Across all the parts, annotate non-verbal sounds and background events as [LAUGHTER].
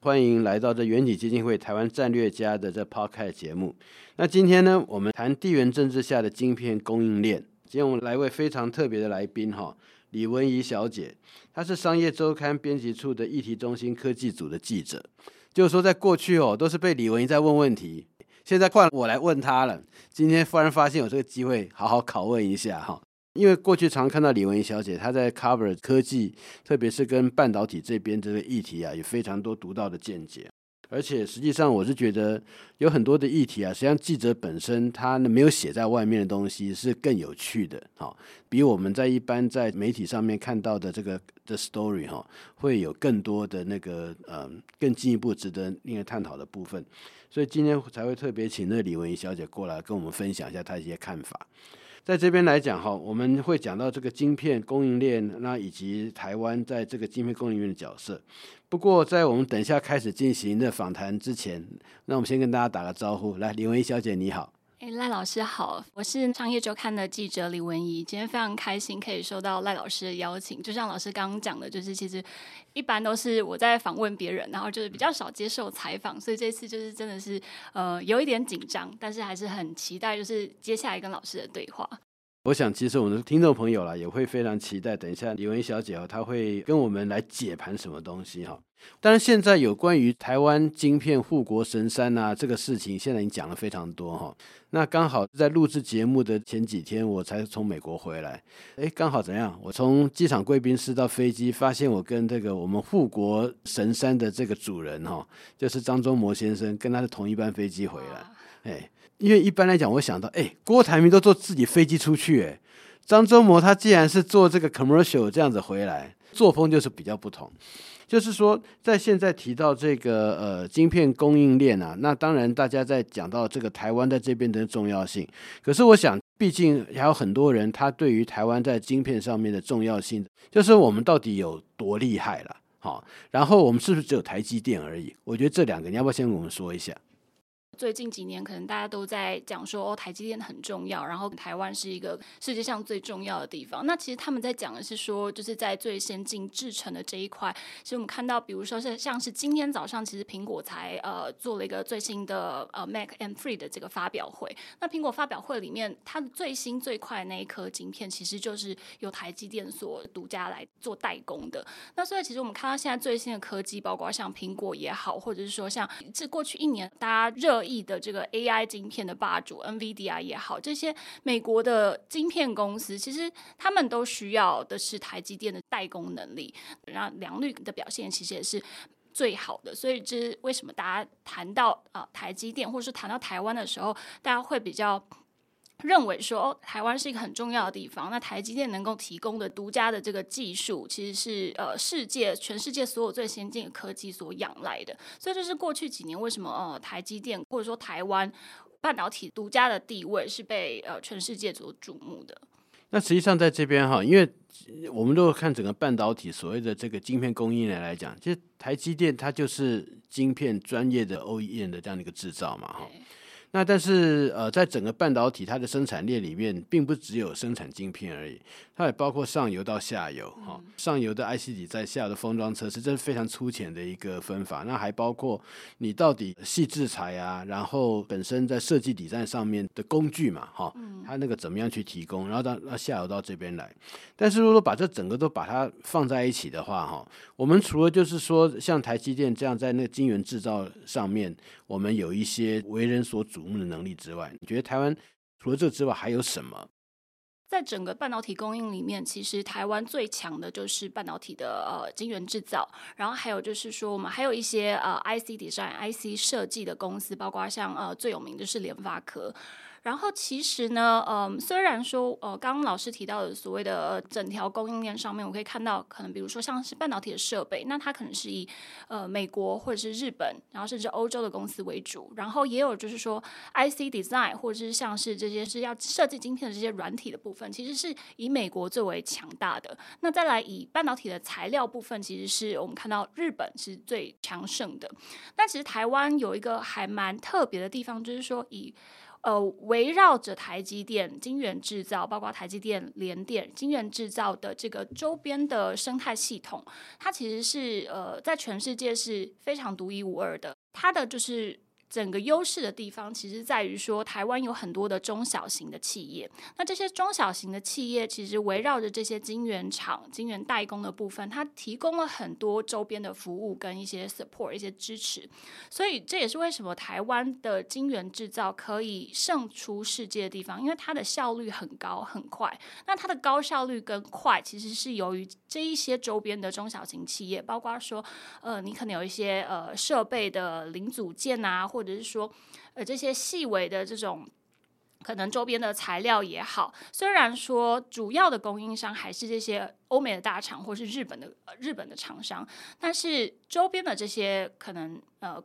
歡迎來到這遠景基金會台灣戰略家的這 Podcast 節目。那今天呢，我們談地緣政治下的晶片供應鏈。今天我們來一位非常特別的來賓哈、哦，李玟儀小姐，她是商業周刊編輯處的議題中心科技組的記者。就是說，在過去哦，都是被李玟儀在問問題，現在換我來問她了。今天忽然發現有這個機會，好好拷問一下哈、哦。因為過去常看到李玟儀小姐，她在 Cover 科技，特別是跟半導體這邊這個議題啊，有非常多獨到的見解。而且實際上，我是覺得有很多的議題啊，實際上記者本身他沒有寫在外面的東西是更有趣的，哈、哦，比我們在一般在媒體上面看到的這個 The Story 哈、哦，會有更多的那個嗯、呃，更進一步值得令人探討的部分。所以今天才會特別請那李玟儀小姐過來跟我們分享一下她一些看法。在這邊來講哈，我們會講到這個晶片供應鏈，那以及台灣在這個晶片供應鏈的角色。不過，在我們等一下開始進行的訪談之前，那我們先跟大家打個招呼。來，李玟儀小姐，你好。哎，賴、欸、老師好，我是商業周刊的記者李玟儀。今天非常開心可以收到賴老師的邀請。就像老師剛剛講的，就是其實一般都是我在訪問別人，然後就是比較少接受採訪，所以這次就是真的是呃有一點緊張，但是還是很期待就是接下來跟老師的對話。我想其實我們的聽眾朋友啦也會非常期待，等一下李玟儀小姐哦，她會跟我們來解盤什麼東西哈、哦。但是現在有關於台灣晶片護國神山吶、啊、這個事情，現在已經講了非常多哈、哦。那剛好在錄製節目的前幾天，我才從美國回來誒。剛好怎樣？我從機場貴賓室到飛機，發現我跟這個我們護國神山的這個主人哈、哦，就是張忠謀先生，跟他的同一班飛機回來。誒因為一般來講，我想到，哎，郭台銘都坐自己飛機出去，哎，張忠謀他既然是坐這個 commercial 這樣子回來，作風就是比較不同。就是說，在現在提到這個呃晶片供應鏈啊，那當然大家在講到這個台灣在這邊的重要性。可是我想，畢竟還有很多人他對於台灣在晶片上面的重要性，就是我們到底有多厲害了，好，然後我們是不是只有台積電而已？我覺得這兩個，你要不要先跟我們說一下？最近幾年，可能大家都在講說，哦，台積電很重要，然後台灣是一個世界上最重要的地方。那其實他們在講的是說，就是在最先進製程的這一塊。其實我們看到，比如說是像是今天早上，其實蘋果才呃做了一個最新的呃 Mac M3 的這個發表會。那蘋果發表會裡面，它的最新最快那一顆晶片，其實就是由台積電所獨家來做代工的。那所以其實我們看到現在最新的科技，包括像蘋果也好，或者是說像這過去一年大家熱 E 的這個 AI 晶片的霸主 NVIDIA 也好，這些美國的晶片公司，其實他們都需要的是台積電的代工能力。然後良率的表現其實也是最好的，所以這是為什麼大家談到啊台積電，或者是談到台灣的時候，大家會比較，認為說，台灣是一個很重要的地方。那台積電能夠提供的獨家的這個技術，其實是呃，世界全世界所有最先進的科技所仰賴的。所以，這是過去幾年為什麼呃，台積電或者說台灣半導體獨家的地位是被呃全世界所矚目的。那實際上在這邊哈，因為我們如果看整個半導體所謂的這個晶片供應鏈來來講，其實台積電它就是晶片專業的 OEM 的這樣的一個製造嘛，哈。那但是呃，在整個半導體它的生產鏈裡面，並不只有生產晶片而已，它也包括上游到下游哈，哦嗯、上游的 IC design 在下游的封裝測試，這是非常粗淺的一個分法。那還包括你到底細制裁啊，然後本身在設計 design 上面的工具嘛哈，哦嗯、它那個怎麼樣去提供，然後到那下游到這邊來。但是如果把這整個都把它放在一起的話哈、哦，我們除了就是說像台積電這樣在那個晶圓制造上面，我們有一些為人所的能力之外，你覺得台灣除了這之外還有什麼？在整個半導體供應裡面，其實台灣最強的就是半導體的呃晶圓制造，然後還有就是說我們還有一些呃 IC Design、IC 設計的公司，包括像呃最有名的是聯發科。然後其實呢，嗯，雖然說呃，剛剛老師提到的所謂的整條供應鏈上面，我們可以看到，可能比如說像是半導體的設備，那它可能是以呃美國或者是日本，然後甚至歐洲的公司為主。然後也有就是說 IC Design 或者是像是這些是要設計晶片的這些軟體的部分，其實是以美國最為強大的。那再來以半導體的材料部分，其實是我們看到日本是最強盛的。那其實台灣有一個還蠻特別的地方，就是說以。呃，圍繞着台積電、晶圓製造，包括台積電、聯電、晶圓製造的這個周邊的生態系統，它其實是呃，在全世界是非常獨一無二的。它的就是。整個優勢的地方，其實在於說，台灣有很多的中小型的企業。那這些中小型的企業，其實圍繞着這些晶圓廠、晶圓代工的部分，它提供了很多周邊的服務跟一些 support、一些支持。所以這也是為什麼台灣的晶圓製造可以勝出世界的地方，因為它的效率很高、很快。那它的高效率跟快，其實是由於。這一些周邊的中小型企業，包括說，呃，你可能有一些呃設備的零組件啊，或者是說，呃，這些細微的這種，可能周邊的材料也好，雖然說主要的供應商還是這些歐美的大廠，或是日本的、呃、日本的廠商，但是周邊的這些可能呃。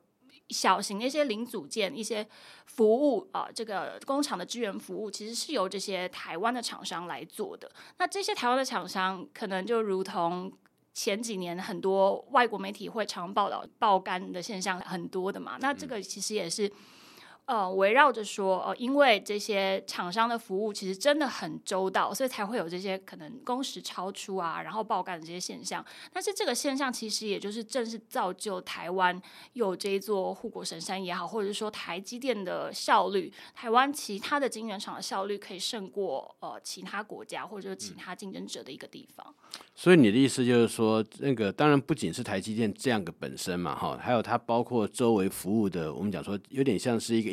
小型一些零組件、一些服務啊、呃，這個工廠的支援服務，其實是由這些台灣的廠商來做的。那這些台灣的廠商，可能就如同前幾年很多外國媒體會常報道爆肝的現象很多的嘛。嗯、那這個其實也是。呃，圍繞、嗯、着說，呃，因為這些廠商的服務其實真的很周到，所以才會有這些可能工時超出啊，然後爆干的這些現象。但是這個現象其實也就是正是造就台灣有這一座護國神山也好，或者說台積電的效率，台灣其他的晶圓廠的效率可以勝過呃其他國家或者是其他競爭者的一個地方，嗯。所以你的意思就是說，那個當然不僅是台積電這樣的本身嘛，哈，還有它包括周圍服務的，我們講說有點像是一個。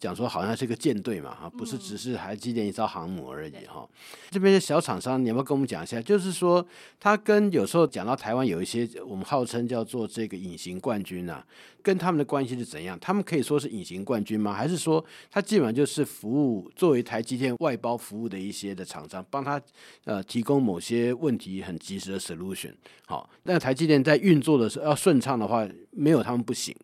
講說好像是一個艦隊嘛哈，不是只是台積電一艘航母而已哈。嗯。這邊的小廠商，你要不要跟我們講一下？就是說，他跟有時候講到台灣有一些我們號稱叫做這個隱形冠軍啊，跟他們的關係是怎樣？他們可以說是隱形冠軍嗎？還是說他基本上就是服務作為台積電外包服務的一些的廠商，幫他呃提供某些問題很及時的 solution，哦。好，那台積電在運作的時候要順暢的話，沒有他們不行。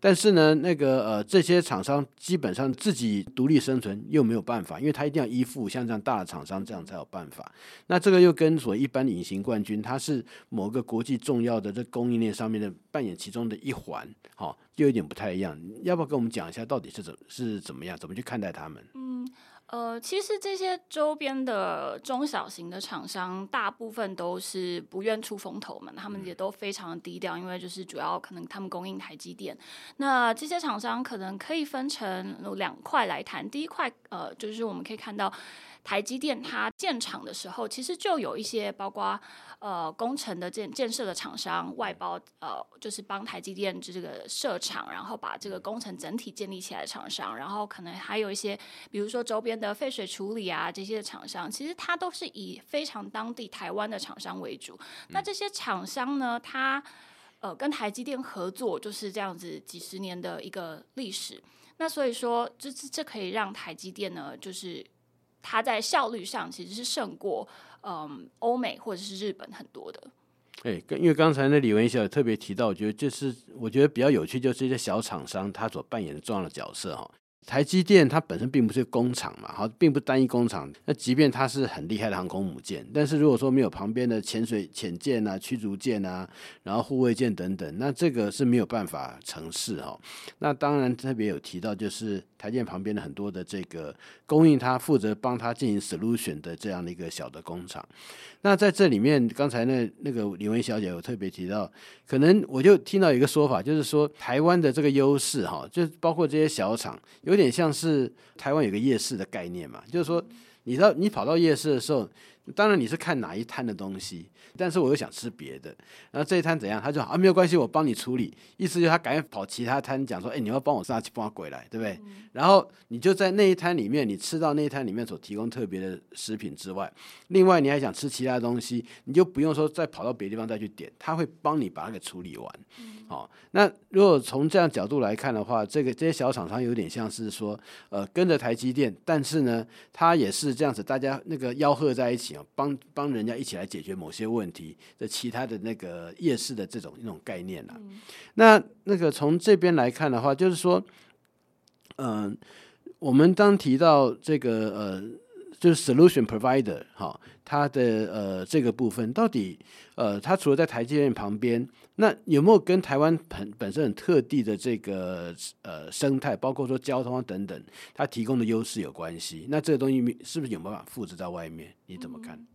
但是呢，那個呃這些廠商基本上。自己獨立生存又沒有辦法，因為他一定要依附像這樣大的廠商，這樣才有辦法。那這個又跟所謂一般隱形冠軍，他是某個國際重要的這供應鏈上面的扮演其中的一環，哈、哦，又有點不太一樣。要不要跟我們講一下到底是怎是怎麼樣，怎麼去看待他們？嗯。呃，其實這些周邊的中小型的廠商，大部分都是不願出風頭嘛，他們也都非常的低調，因為就是主要可能他們供應台積電，那這些廠商可能可以分成兩塊來談，第一塊呃，就是我們可以看到。台積電它建廠的時候，其實就有一些包括，呃，工程的建建設的廠商外包，呃，就是幫台積電這個設廠，然後把這個工程整體建立起來的廠商，然後可能還有一些，比如說周邊的廢水處理啊這些廠商，其實它都是以非常當地台灣的廠商為主。嗯、那這些廠商呢，它呃跟台積電合作就是這樣子幾十年的一個歷史。那所以說，這這這可以讓台積電呢，就是。它在效率上其實是勝過，嗯，歐美或者是日本很多的。哎、欸，因為剛才那李玟儀小姐特別提到，我覺得就是我覺得比較有趣，就是一些小廠商他所扮演的重要的角色。台積電它本身並不是工廠嘛，哈，並不單一工廠。那即便它是很厲害的航空母艦，但是如果說沒有旁邊的潛水、潛艦啊、驅逐艦啊，然後護衛艦等等，那這個是沒有辦法成事哈。那當然特別有提到，就是台積電旁邊的很多的這個供應它，它負責幫它進行 solution 的這樣的一個小的工廠。那在這裡面，剛才那那個李玟小姐有特別提到，可能我就聽到一個說法，就是說台灣的這個優勢，哈，就包括這些小廠，有點像是台灣有個夜市的概念嘛，就是說，你知道你跑到夜市的時候，當然你是看哪一攤的東西。但是我又想吃別的，然後這一攤怎樣？他就好啊，沒有關係，我幫你處理。意思就是他趕緊跑其他攤講說，哎、欸，你要幫我殺雞，幫我鬼來，對不對？嗯、然後你就在那一攤裡面，你吃到那一攤裡面所提供特別的食品之外，另外你還想吃其他東西，你就不用說再跑到別的地方再去點，他會幫你把它給處理完。好、嗯哦，那如果從這樣角度來看的話，這個這些小廠商有點像是說，呃，跟着台積電，但是呢，他也是這樣子，大家那個吆喝在一起啊，幫幫人家一起來解決某些問題。問題的其他的那個夜市的這種一種概念啦，啊，嗯、那那個從這邊來看的話，就是說，嗯、呃，我們剛提到這個呃，就是 solution provider 哈，它的，呃這個部分到底呃，它除了在台積電旁邊，那有沒有跟台灣本本身很特地的這個呃生態，包括說交通啊等等，它提供的優勢有關係？那這個東西是不是有辦法複製到外面？你怎麼看？嗯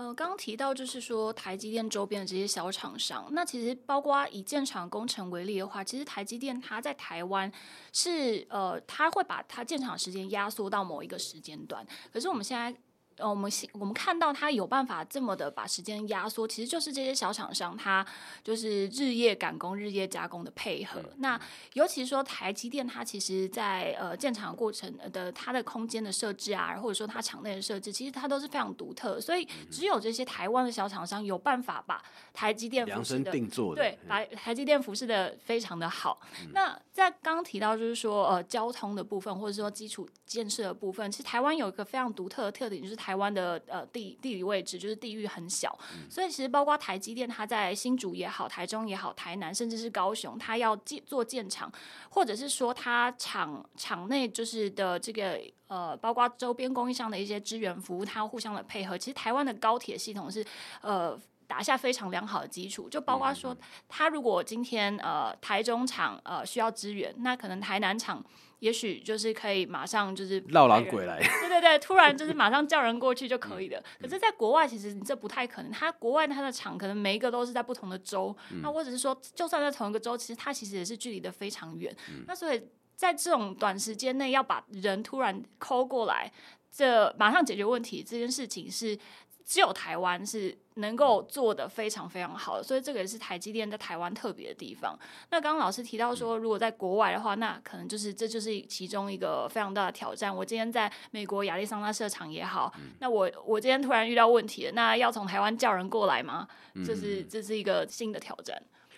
呃，剛剛提到就是說，台積電周邊的這些小廠商，那其實包括以建廠工程為例的話，其實台積電它在台灣是呃，它會把它建廠時間壓縮到某一個時間段，可是我們現在。呃，我們我們看到他有辦法這麼的把時間壓縮，其實就是這些小廠商，他就是日夜趕工、日夜加工的配合。嗯、那尤其說台積電，它其實在，在呃建廠過程的它的空間的設置啊，或者說它場內的設置，其實它都是非常獨特。所以只有這些台灣的小廠商有辦法把台積電服侍的量身定做的，對，把台積電服侍的非常的好。嗯、那在剛剛提到就是說，呃，交通的部分，或者說基礎建設的部分，其實台灣有一個非常獨特的特點，就是台。台灣的呃地地理位置就是地域很小，所以其實包括台積電，它在新竹也好、台中也好、台南甚至是高雄，它要建做建廠，或者是說它廠廠內就是的這個呃，包括周邊供應商的一些資源服務，它互相的配合。其實台灣的高鐵系統是呃打下非常良好的基礎，就包括說，它如果今天呃台中廠呃需要支援，那可能台南廠。也許就是可以馬上就是繞狼鬼來，對對對，突然就是馬上叫人過去就可以了。 [LAUGHS] 嗯、可是，在國外其實這不太可能，他國外他的廠可能每一個都是在不同的州。嗯、那或者是說，就算在同一個州，其實他其實也是距離的非常遠。嗯、那所以在這種短時間內要把人突然摳過來，這馬上解決問題這件事情是。只有台灣是能夠做的非常非常好，所以這個也是台積電在台灣特別的地方。那剛剛老師提到說，如果在國外的話，那可能就是這就是其中一個非常大的挑戰。我今天在美國亞利桑那設廠也好，那我我今天突然遇到問題了，那要從台灣叫人過來嗎？這、嗯就是這是一個新的挑戰。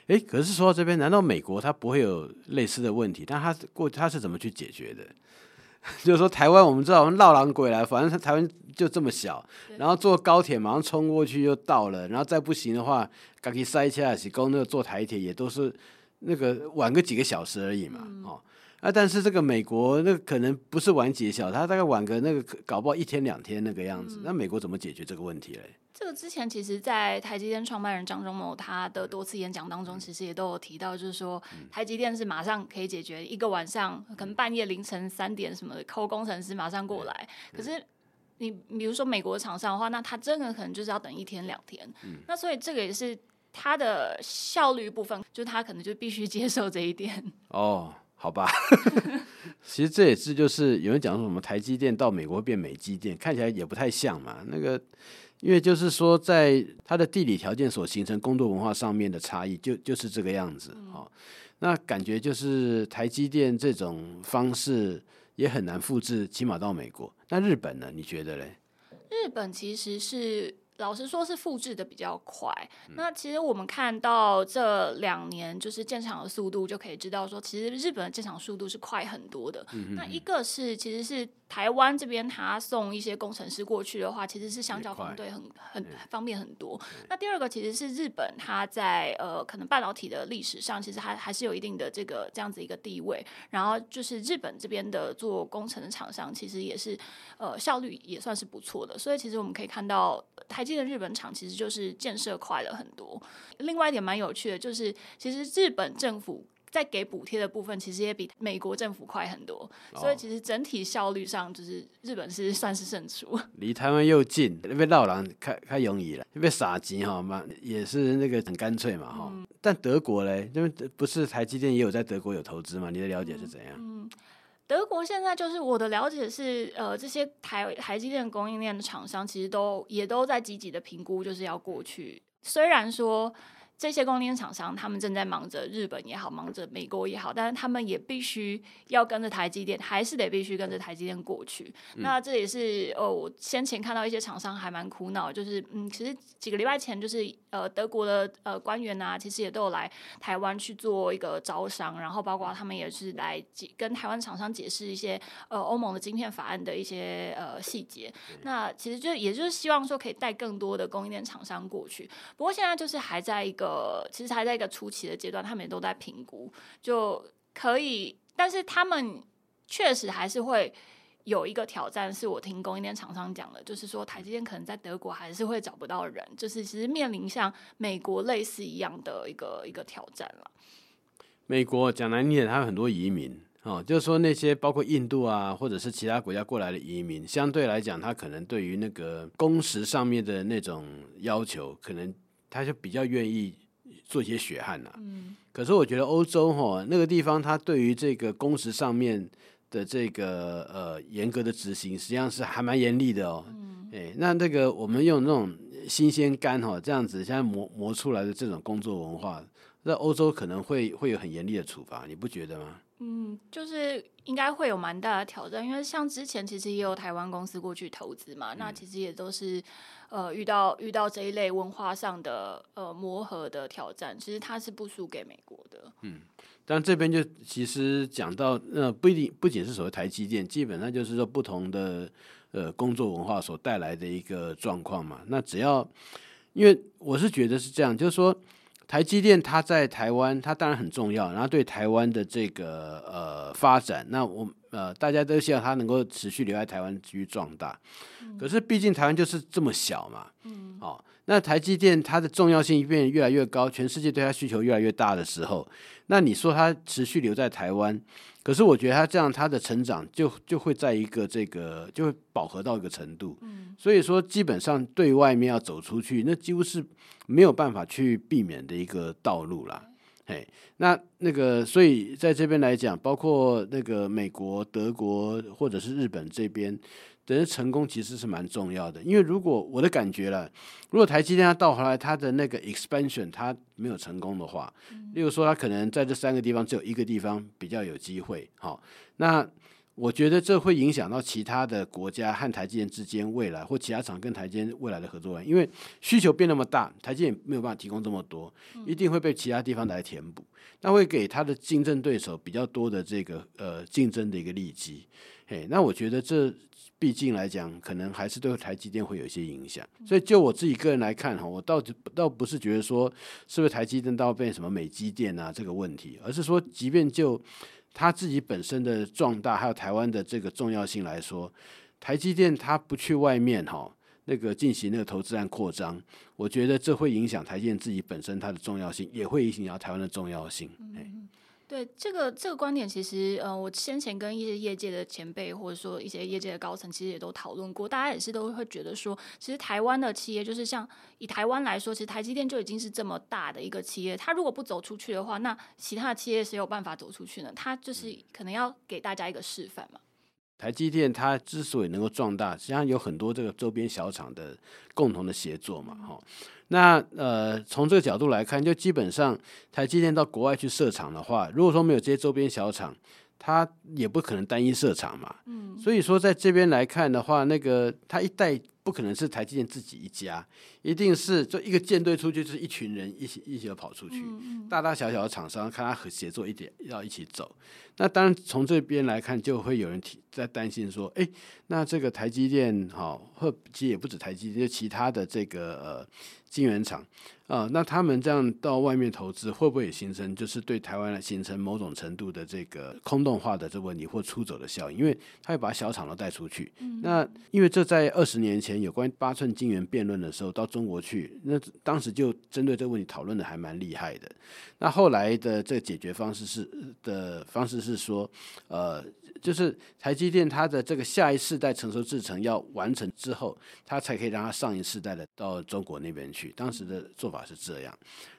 欸、可是說到這邊，難道美國它不會有類似的問題？但它過它是怎麼去解決的？ [LAUGHS] 就是說，台灣我們知道，我們繞狼鬼來，反正台灣就這麼小，然後坐高鐵馬上衝過去就到了，然後再不行的話，趕緊塞車啊，去，光那個坐台鐵也都是那個晚個幾個小時而已嘛，嗯、哦。啊！但是這個美國那可能不是晚揭曉，他大概晚個那個搞不好一天兩天那個樣子。嗯、那美國怎麼解決這個問題嘞？這個之前其實，在台積電創辦人張忠謀他的多次演講當中，其實也都有提到，就是說台積電是馬上可以解決，一個晚上、嗯、可能半夜凌晨三點什麼的，call 工程師馬上過來。嗯、可是你比如說美國廠商的話，那他真的可能就是要等一天兩天。嗯、那所以這個也是他的效率部分，就是他可能就必須接受這一點哦。好吧， [LAUGHS] 其實這也是就是有人講說什麼台積電到美國變美積電，看起來也不太像嘛。那個，因為就是說在它的地理條件所形成工作文化上面的差異就，就就是這個樣子啊、嗯哦。那感覺就是台積電這種方式也很難複製，起碼到美國。那日本呢？你覺得嘞？日本其實是。老實說，是複製的比較快。嗯、那其實我們看到這兩年，就是建廠的速度，就可以知道說，其實日本的建廠速度是快很多的。嗯嗯，那一個是，其實是。台灣這邊他送一些工程師過去的話，其實是相較相對很快很方便很多。嗯、那第二個其實是日本，他在呃可能半導體的歷史上，其實還還是有一定的這個這樣子一個地位。然後就是日本這邊的做工程的廠商，其實也是呃效率也算是不錯的。所以其實我們可以看到，台積的日本廠其實就是建設快了很多。另外一點蠻有趣的，就是其實日本政府。在給補貼的部分，其實也比美國政府快很多，哦、所以其實整體效率上，就是日本是算是勝出。離台灣又近，又被繞廊太容易了，又被撒錢哈嘛，也是那個很乾脆嘛哈。嗯、但德國嘞，因為不是台積電也有在德國有投資嘛？你的了解是怎樣嗯？嗯，德國現在就是我的了解是，呃，這些台台積電供應鏈的廠商其實都也都在積極的評估，就是要過去。雖然說。這些供應鏈廠商，他們正在忙着日本也好，忙着美國也好，但是他們也必須要跟着台積電，還是得必須跟着台積電過去。嗯、那這也是哦，我先前看到一些廠商還蠻苦惱，就是嗯，其實幾個禮拜前，就是呃，德國的呃官員啊，其實也都有來台灣去做一個招商，然後包括他們也是來解跟台灣廠商解釋一些呃歐盟的晶片法案的一些呃細節。那其實就也就是希望說可以帶更多的供應鏈廠商過去，不過現在就是還在一個。呃，其實還在一個初期的階段，他們也都在評估，就可以，但是他們確實還是會有一個挑戰。是我聽供應鏈廠商講的，就是說台積電可能在德國還是會找不到人，就是其實面臨像美國類似一樣的一個一個挑戰了。美國講難聽一點，他有很多移民哦，就是說那些包括印度啊，或者是其他國家過來的移民，相對來講，他可能對於那個工時上面的那種要求，可能他就比較願意。做一些血汗吶、啊，嗯，可是我覺得歐洲哈那個地方，它對於這個工時上面的這個呃嚴格的執行，實際上是還蠻嚴厲的哦、喔，嗯，哎、欸，那這個我們用那種新鮮肝哈這樣子，現在磨磨出來的這種工作文化，那歐洲可能會會有很嚴厲的處罰，你不覺得嗎？嗯，就是應該會有蠻大的挑戰，因為像之前其實也有台灣公司過去投資嘛，那其實也都是。呃，遇到遇到這一類文化上的呃磨合的挑戰，其實它是不輸給美國的。嗯，但這邊就其實講到，呃，不一定不僅是所謂台積電，基本上就是說不同的呃工作文化所帶來的一個狀況嘛。那只要因為我是覺得是這樣，就是說台積電它在台灣，它當然很重要，然後對台灣的這個呃發展，那我。呃，大家都希望他能夠持續留在台灣，繼續壯大。嗯、可是，畢竟台灣就是這麼小嘛，嗯、哦，那台積電它的重要性變得越來越高，全世界對它需求越來越大的時候，那你說它持續留在台灣？可是，我覺得它這樣，它的成長就就會在一個這個就會飽和到一個程度。嗯、所以說，基本上對外面要走出去，那幾乎是沒有辦法去避免的一個道路啦。嘿，那那個，所以在這邊來講，包括那個美國、德國或者是日本這邊，等成功其實是蠻重要的。因為如果我的感覺了，如果台積電它到後來它的那個 expansion 它沒有成功的話，嗯。例如說它可能在這三個地方只有一個地方比較有機會。好，那。我覺得這會影響到其他的國家和台積電之間未來，或其他廠跟台積電未來的合作案，因為需求變那麼大，台積電也沒有辦法提供這麼多，一定會被其他地方來填補，嗯、那會給他的競爭對手比較多的這個呃競爭的一個利基。嘿，那我覺得這畢竟來講，可能還是對台積電會有一些影響。所以就我自己個人來看哈，我倒倒不是覺得說是不是台積電到變什麼美積電啊這個問題，而是說即便就。他自己本身的壯大，還有台灣的這個重要性來說，台積電他不去外面哈那個進行那個投資案擴張，我覺得這會影響台積電自己本身它的重要性，也會影響台灣的重要性。嗯對這個這個觀點，其實呃，我先前跟一些業界的前輩，或者說一些業界的高層，其實也都討論過。大家也是都會覺得說，其實台灣的企業就是像以台灣來說，其實台積電就已經是這麼大的一個企業。它如果不走出去的話，那其他的企業誰有辦法走出去呢？他就是可能要給大家一個示範嘛。台積電它之所以能夠壯大，實際上有很多這個周邊小廠的共同的協作嘛，哈、嗯。那呃，從這個角度來看，就基本上台積電到國外去設廠的話，如果說沒有這些周邊小廠，它也不可能單一設廠嘛。嗯。所以說，在這邊來看的話，那個它一代。不可能是台積電自己一家，一定是就一個艦隊出去，就是一群人一起一起跑出去，大大小小的廠商，看他和協作一點要一起走。那當然從這邊來看，就會有人提在擔心說，哎、欸，那這個台積電，哈，或其實也不止台積電，就其他的這個呃晶圓廠。呃，那他們這樣到外面投資，會不會也形成就是對台灣來形成某種程度的這個空洞化的這個問題或出走的效應？因為他也把小廠都帶出去。嗯、那因為這在二十年前有關八寸晶圓辯論的時候到中國去，那當時就針對這個問題討論的還蠻厲害的。那後來的這個解決方式是的方式是說，呃。就是台積電它的這個下一世代成熟製程，要完成之後，它才可以讓它上一世代的到中國那邊去。當時的做法是這樣，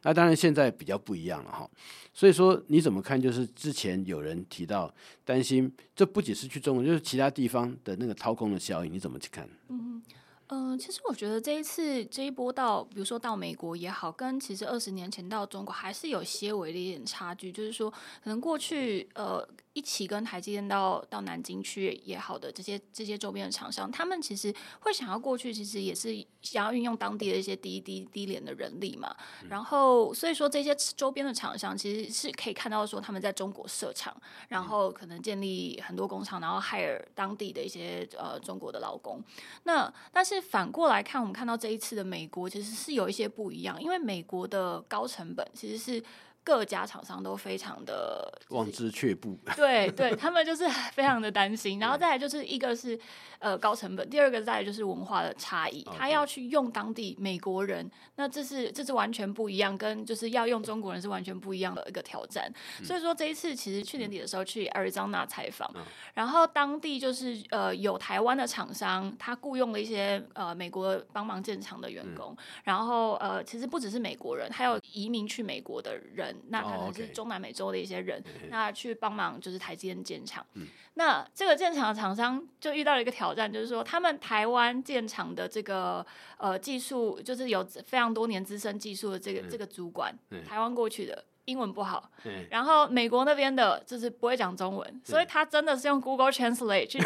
那當然現在比較不一樣了哈。所以說你怎麼看？就是之前有人提到擔心，這不僅是去中國，就是其他地方的那個掏空的效應，你怎麼去看？嗯嗯、呃，其實我覺得這一次這一波到，比如說到美國也好，跟其實二十年前到中國還是有些微的一點差距，就是說可能過去呃。一起跟台積電到到南京去也好的這些這些周邊的廠商，他們其實會想要過去，其實也是想要運用當地的一些低低低廉的人力嘛。嗯、然後所以說這些周邊的廠商其實是可以看到說他們在中國設廠，然後可能建立很多工廠，然後 hire 當地的一些呃中國的勞工。那但是反過來看，我們看到這一次的美國其實是有一些不一樣，因為美國的高成本其實是。各家廠商都非常的望之卻步，對對，他們就是非常的擔心。 [LAUGHS] 然後再來就是一個是呃高成本，第二個再來就是文化的差異。Okay. 他要去用當地美國人，那這是這是完全不一樣，跟就是要用中國人是完全不一樣的一個挑戰。嗯、所以說這一次其實去年底的時候去 Arizona 採訪，嗯、然後當地就是呃有台灣的廠商，他雇傭了一些呃美國幫忙建廠的員工，嗯、然後呃其實不只是美國人，還有移民去美國的人。那可能是中南美洲的一些人，Oh, okay. 那去幫忙就是台積電建廠。嗯、那這個建廠的廠商就遇到了一個挑戰，就是說他們台灣建廠的這個呃技術，就是有非常多年資深技術的這個、嗯、這個主管，嗯嗯、台灣過去的。英文不好，嗯、然後美國那邊的就是不會講中文，嗯、所以他真的是用 Google Translate 去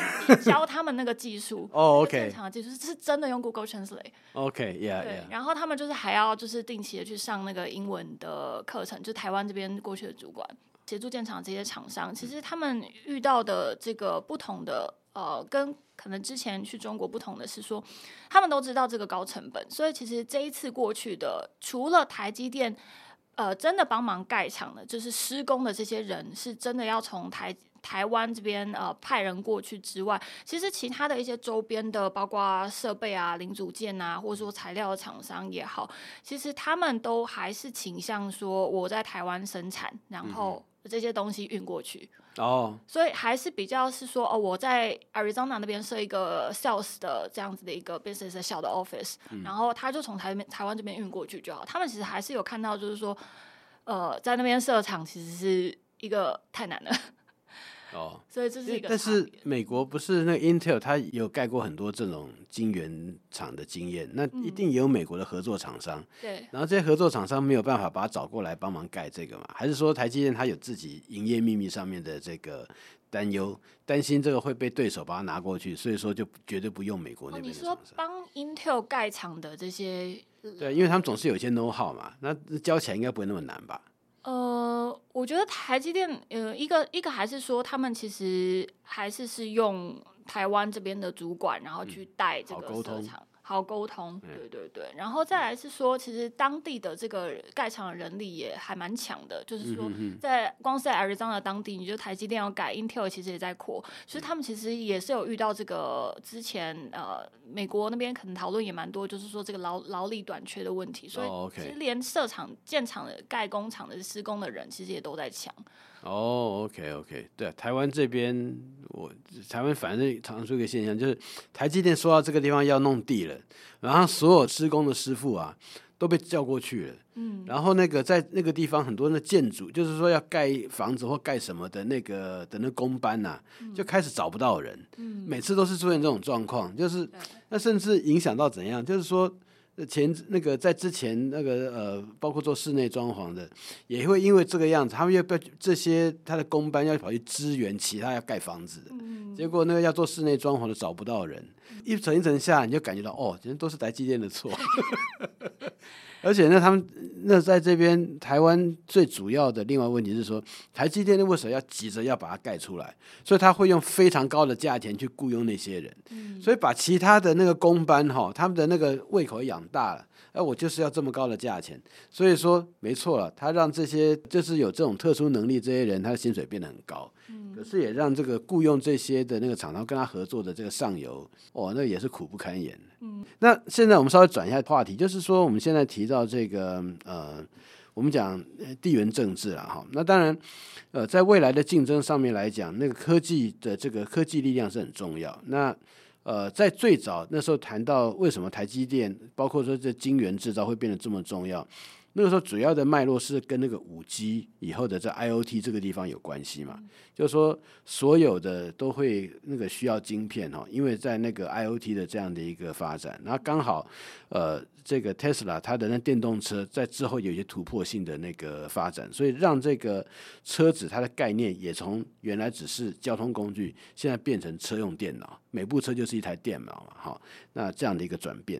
教他們那個技術，哦，OK，建廠技術、oh, okay. 是真的用 Google Translate，OK，Yeah，、okay, yeah. 對，然後他們就是還要就是定期的去上那個英文的課程，就是、台灣這邊過去的主管協助建廠這些廠商，其實他們遇到的這個不同的呃，跟可能之前去中國不同的是說，他們都知道這個高成本，所以其實這一次過去的除了台積電。呃，真的幫忙蓋廠的，就是施工的這些人，是真的要從台台灣這邊呃派人過去之外，其實其他的一些周邊的，包括設備啊、零組件啊，或者說材料廠商也好，其實他們都還是傾向說我在台灣生產，然後。這些東西運過去哦，oh. 所以還是比較是說哦，我在 Arizona 那邊設一個 sales 的這樣子的一個，變成的小的 office，嗯、然後他就從台台灣這邊運過去就好。他們其實還是有看到，就是說，呃，在那邊設廠其實是一個太難了。哦，所以這是一個。但是美國不是那個 Intel，他有蓋過很多這種晶圓廠的經驗，那一定也有美國的合作廠商。對、嗯，然後這些合作廠商沒有辦法把他找過來幫忙蓋這個嘛？還是說台積電他有自己營業祕密上面的這個擔憂，擔心這個會被對手把它拿過去，所以說就絕對不用美國那邊的廠商、哦、你說幫 Intel 蓋廠的這些，對，嗯、因為他們總是有一些 know-how 嘛，那交起來應該不會那麼難吧？呃，我覺得台積電，呃，一個一個還是說，他們其實還是是用台灣這邊的主管，然後去帶這個市場。嗯好溝通，對對對，嗯、然後再來是說，其實當地的這個蓋廠的人力也還蠻強的，就是說在、嗯、哼哼光是在 Arizona 當地，你就台積電有蓋，Intel 其實也在擴，所以他們其實也是有遇到這個之前呃美國那邊可能討論也蠻多，就是說這個勞勞力短缺的問題，所以其實連設廠、哦 okay、建廠的蓋工廠的施工的人其實也都在搶。哦，OK，OK，對，台灣這邊，我台灣反正常出一個現象，就是台積電說到這個地方要弄地了，然後所有施工的師傅啊都被叫過去了，嗯，然後那個在那個地方很多的建築，就是說要蓋房子或蓋什麼的那個的那工班吶，就開始找不到人，嗯，每次都是出現這種狀況，就是那甚至影響到怎樣，就是說。前那個在之前那個呃，包括做室內裝潢的，也會因為這個樣子，他們要被這些他的工班要跑去支援其他要蓋房子，嗯、結果那個要做室內裝潢的找不到人，嗯、一層一層下來你就感覺到哦，人都是台積電的錯。 [LAUGHS] [LAUGHS] 而且那他們那在這邊台灣最主要的另外問題是說，台積電為什麼要急着要把它蓋出來？所以他會用非常高的價錢去雇傭那些人，嗯、所以把其他的那個工班哈、哦，他們的那個胃口養大了。哎、啊，我就是要這麼高的價錢。所以說沒錯了，他讓這些就是有這種特殊能力這些人，他的薪水變得很高。可是也讓這個僱傭這些的那個廠商跟他合作的這個上游，哦，那也是苦不堪言。嗯，那現在我們稍微轉一下話題，就是說我們現在提到這個呃，我們講地緣政治了啊哈。那當然，呃，在未來的競爭上面來講，那個科技的這個科技力量是很重要。那呃，在最早那時候談到為什麼台積電，包括說這晶圓制造會變得這麼重要。那個時候主要的脈絡是跟那個 5G 以後的在 IOT 這個地方有關係嘛，就是說所有的都會那個需要晶片哦，因為在那個 IOT 的這樣的一個發展，那剛好呃這個 Tesla 它的那電動車在之後有一些突破性的那個發展，所以讓這個車子它的概念也從原來只是交通工具，現在變成車用電腦，每部車就是一台電腦嘛，好，那這樣的一個轉變。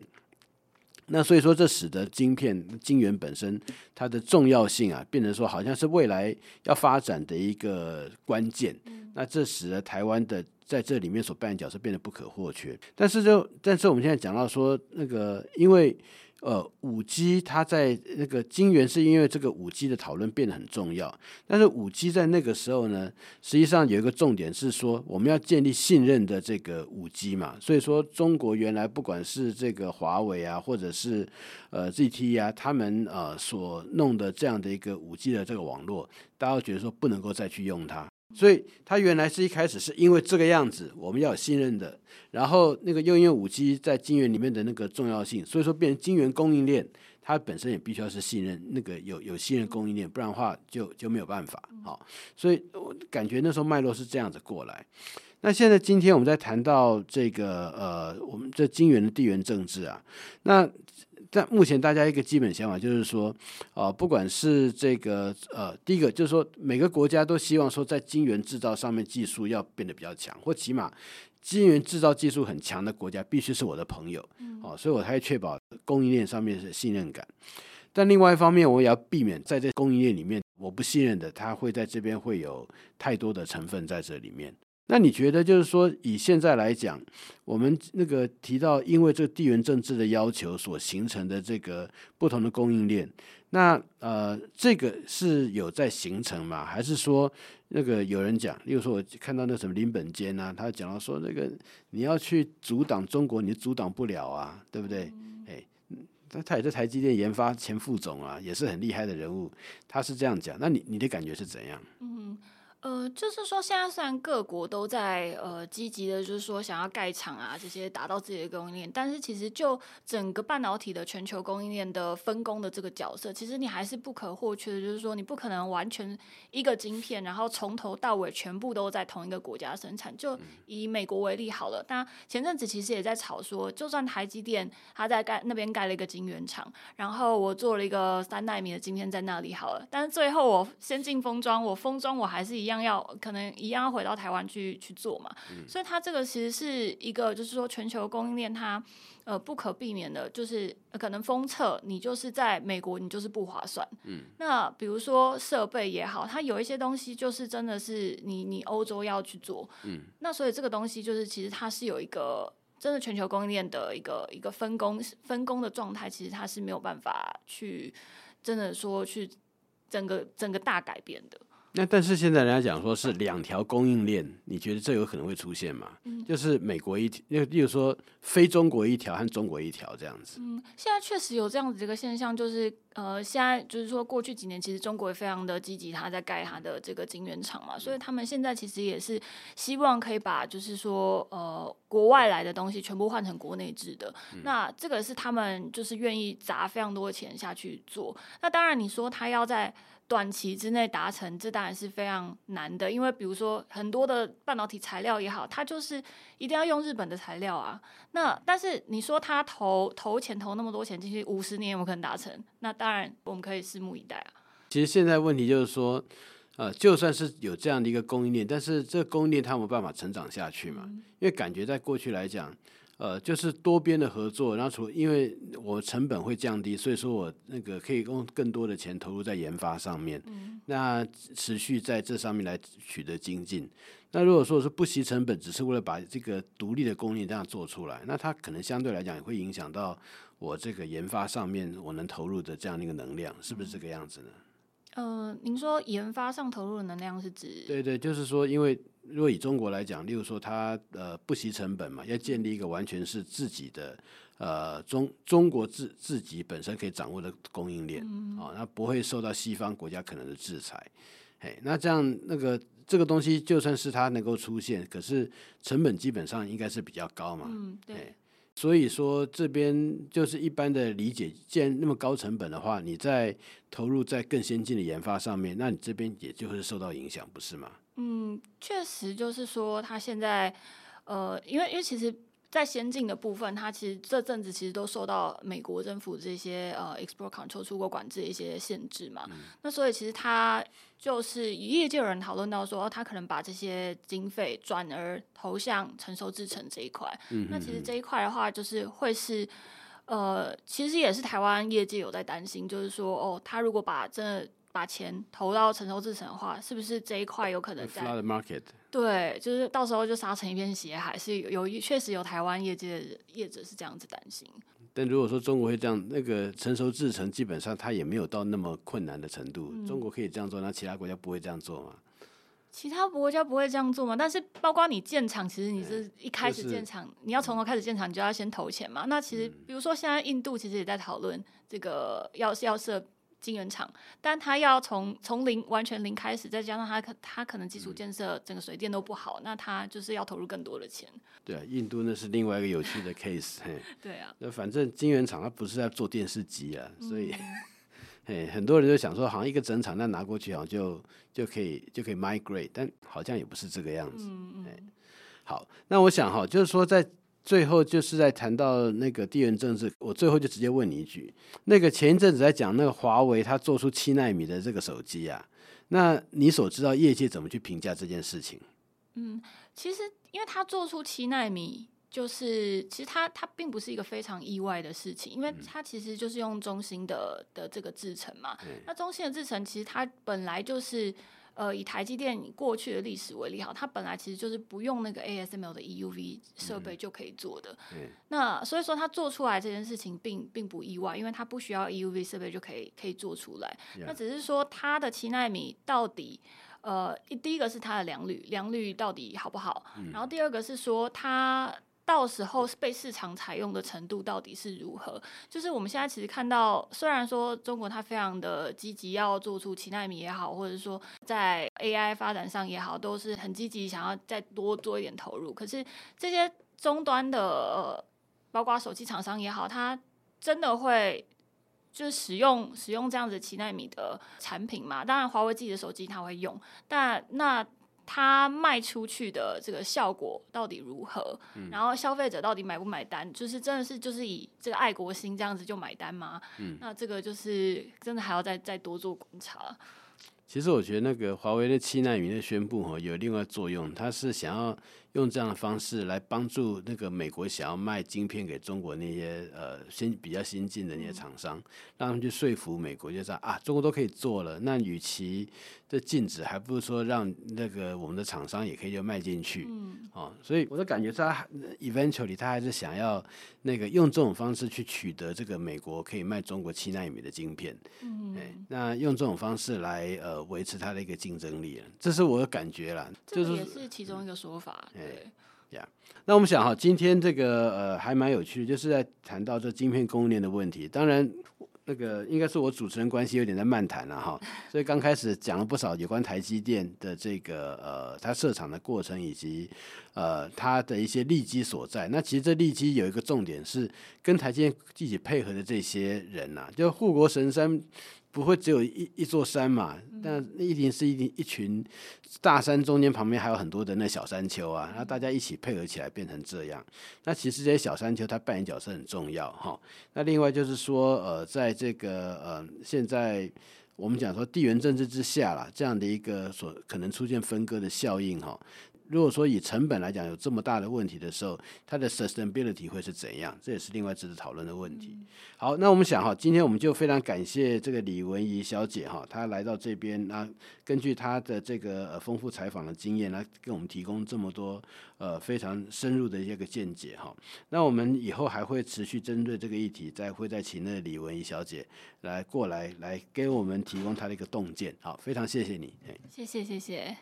那所以說，這使得晶片、晶圓本身它的重要性啊，變成說好像是未來要發展的一個關鍵。那這使得台灣的在這裡面所扮演的角色變得不可或缺。但是就，但是我們現在講到說，那個因為。呃，五 G 它在那個金源，是因為這個五 G 的討論變得很重要，但是五 G 在那個時候呢，實際上有一個重點是說，我們要建立信任的這個五 G 嘛，所以說中國原來不管是這個華為啊，或者是呃 ZTE 啊，他們啊、呃、所弄的這樣的一個五 G 的這個網絡，大家都覺得說不能夠再去用它。所以他原來是一開始是因為這個樣子，我們要有信任的。然後那個又因為五 G 在晶圓裡面的那個重要性，所以說變成晶圓供應鏈，它本身也必須要是信任那個有有信任供應鏈，不然的話就就沒有辦法。好、嗯哦，所以我感覺那時候脈絡是這樣子過來。那現在今天我們在談到這個呃，我們這晶圓的地緣政治啊，那在目前大家一個基本想法就是說，啊、呃，不管是這個呃，第一個就是說，每個國家都希望說在晶圓製造上面技術要變得比較強，或起碼晶圓製造技術很強的國家必須是我的朋友，嗯、哦，所以我才確保供應鏈上面是信任感。但另外一方面，我也要避免在這供應鏈裡面我不信任的，他會在這邊會有太多的成分在這裡面。那你覺得就是說，以現在來講，我們那個提到因為這個地緣政治的要求所形成的這個不同的供應鏈，那呃，這個是有在形成嗎？還是說那個有人講，例如說我看到那什麼林本堅啊，他講到說那個你要去阻擋中國，你阻擋不了啊，對不對？誒、嗯哎，他也是台積電研發前副總啊，也是很厲害的人物，他是這樣講。那你你的感覺是怎樣？嗯。呃，就是說，現在雖然各國都在呃積極的，就是說想要蓋廠啊，這些打造自己的供應鏈，但是其實就整個半導體的全球供應鏈的分工的這個角色，其實你還是不可或缺的。就是說，你不可能完全一個晶片，然後從頭到尾全部都在同一個國家生產。就以美國為例好了，嗯、那前陣子其實也在吵說，就算台積電他在蓋那邊蓋了一個晶圓廠，然後我做了一個三奈米的晶片在那裡好了，但是最後我先進封裝，我封裝我還是一。一樣要可能一樣要回到台灣去去做嘛，嗯，所以它這個其實是一個，就是說全球供應鏈它呃不可避免的，就是，呃，可能封測你就是在美國你就是不划算。嗯，那比如說設備也好，它有一些東西就是真的是你你歐洲要去做。嗯，那所以這個東西就是其實它是有一個真的全球供應鏈的一個一個分工分工的狀態，其實它是沒有辦法去真的說去整個整個大改變的。那但是現在人家講說是兩條供應鏈，對你覺得這有可能會出現嗎？嗯、就是美國一，又例如說非中國一條和中國一條這樣子。嗯，現在確實有這樣子一個現象，就是呃，現在就是說過去幾年其實中國也非常的積極，他在蓋他的這個晶圓廠嘛，嗯、所以他們現在其實也是希望可以把就是說呃國外來的東西全部換成國內制的。嗯、那這個是他們就是願意砸非常多的錢下去做。那當然你說他要在。短期之內達成，這當然是非常難的，因為比如說很多的半導體材料也好，它就是一定要用日本的材料啊。那但是你說他投投錢投那麼多錢進去，五十年有沒有可能達成？那當然我們可以拭目以待啊。其實現在問題就是說，呃，就算是有這樣的一個供應鏈，但是這個供應鏈它沒有辦法成長下去嘛，嗯，因為感覺在過去來講。呃，就是多邊的合作，然後除因為我成本會降低，所以說我那個可以用更多的錢投入在研發上面。嗯。那持續在這上面來取得精進。那如果說是不惜成本，只是為了把這個獨立的工藝這樣做出來，那它可能相對來講也會影響到我這個研發上面我能投入的這樣的一個能量，是不是這個樣子呢？嗯。呃，您說研發上投入的能量是指？對對，就是說因為。如果以中國來講，例如說它呃不惜成本嘛，要建立一個完全是自己的呃中中國自自己本身可以掌握的供應鏈啊、嗯哦，那不會受到西方國家可能的制裁。嘿那這樣那個這個東西就算是它能夠出現，可是成本基本上應該是比較高嘛。嗯，對嘿。所以說這邊就是一般的理解，既然那麼高成本的話，你再投入在更先進的研發上面，那你這邊也就會受到影響，不是嗎？嗯，確實就是說，他現在，呃，因為因為其實，在先進的部分，他其實這陣子其實都受到美國政府這些呃 export control 出口管制的一些限制嘛。嗯、那所以其實他就是業界有人討論到說、哦，他可能把這些經費轉而投向成熟製程這一塊。嗯嗯，那其實這一塊的話，就是會是呃，其實也是台灣業界有在擔心，就是說哦，他如果把這把錢投到成熟製程的話，是不是這一塊有可能在？對，就是到時候就殺成一片血海，是有有確實有台灣業界的業者是這樣子擔心。但如果說中國會這樣，那個成熟製程基本上它也沒有到那麼困難的程度。嗯、中國可以這樣做，那其他國家不會這樣做嗎？其他國家不會這樣做嗎？但是，包括你建廠，其實你是一開始建廠，就是，你要從頭開始建廠，你就要先投錢嘛。那其實，比如說現在印度其實也在討論這個要是要設。晶圓廠，但他要從從零完全零開始，再加上他他可能基礎建設整個水電都不好，嗯、那他就是要投入更多的錢。對、啊，印度那是另外一個有趣的 case [LAUGHS] 嘿。對啊，那反正晶圓廠它不是在做電視機啊，所以，嗯、嘿，很多人就想說，好像一個整廠那拿過去好像就就可以就可以 migrate，但好像也不是這個樣子。嗯嗯。好，那我想哈，就是說在。最後就是在談到那個地緣政治，我最後就直接問你一句：那個前一陣子在講那個華為，它做出七納米的這個手機啊，那你所知道業界怎麼去評價這件事情？嗯，其實因為它做出七納米，就是其實它它並不是一個非常意外的事情，因為它其實就是用中芯的的這個製程嘛。嗯、那中芯的製程其實它本來就是。呃，以台積電過去的歷史為例，哈，它本來其實就是不用那個 ASML 的 EUV 設備就可以做的。嗯嗯、那所以說，它做出來這件事情並並不意外，因為它不需要 EUV 設備就可以可以做出來。嗯、那只是說，它的七納米到底，呃，第一個是它的良率，良率到底好不好？嗯、然後第二個是說它。到時候是被市場採用的程度到底是如何？就是我們現在其實看到，雖然說中國它非常的積極，要做出七奈米也好，或者說在 AI 發展上也好，都是很積極，想要再多做一點投入。可是這些終端的，呃，包括手機廠商也好，它真的會就是使用使用這樣子七奈米的產品嘛？當然，華為自己的手機它會用，但那。它賣出去的這個效果到底如何？嗯、然後消費者到底買不買單？就是真的是就是以這個愛國心這樣子就買單嗎？嗯、那這個就是真的還要再再多做觀察。其實我覺得那個華為的七納米的宣布哈、哦，有另外作用，它是想要。用這樣的方式來幫助那個美國想要賣晶片給中國那些呃先比較先進的那些廠商，讓他們去說服美國就知道，就說啊，中國都可以做了，那與其這禁止，還不如說讓那個我們的廠商也可以就賣進去，嗯，哦，所以我的感覺是他，他 eventually 他還是想要那個用這種方式去取得這個美國可以賣中國七納米的晶片，嗯、哎，那用這種方式來呃維持他的一個競爭力，這是我的感覺啦，就是、這也是其中一個說法，嗯、哎。對，yeah. 那我們想哈，今天這個呃還蠻有趣，就是在談到這晶片供應鏈的問題。當然，那個應該是我主持人關係有點在漫談了，啊、哈， [LAUGHS] 所以剛開始講了不少有關台積電的這個呃它設廠的過程，以及呃它的一些利基所在。那其實這利基有一個重點是跟台積電一起配合的這些人呐，啊，就護國神山。不會只有一一座山嘛，但一定是一一群大山中間、旁邊還有很多的那小山丘啊，那大家一起配合起來變成這樣。那其實這些小山丘它扮演角色很重要哈、哦。那另外就是說，呃，在這個呃現在我們講說地緣政治之下啦，這樣的一個所可能出現分割的效應哈。哦如果說以成本來講有這麼大的問題的時候，它的 sustainability 會是怎樣？這也是另外值得討論的問題。嗯、好，那我們想哈，今天我們就非常感謝這個李玟儀小姐哈，她來到這邊，那根據她的這個呃豐富採訪的經驗來給我們提供這麼多呃非常深入的一些個見解哈。那我們以後還會持續針對這個議題，再會再請那李玟儀小姐來過來來給我們提供她的一個洞見。好，非常謝謝你。謝謝謝謝。謝謝。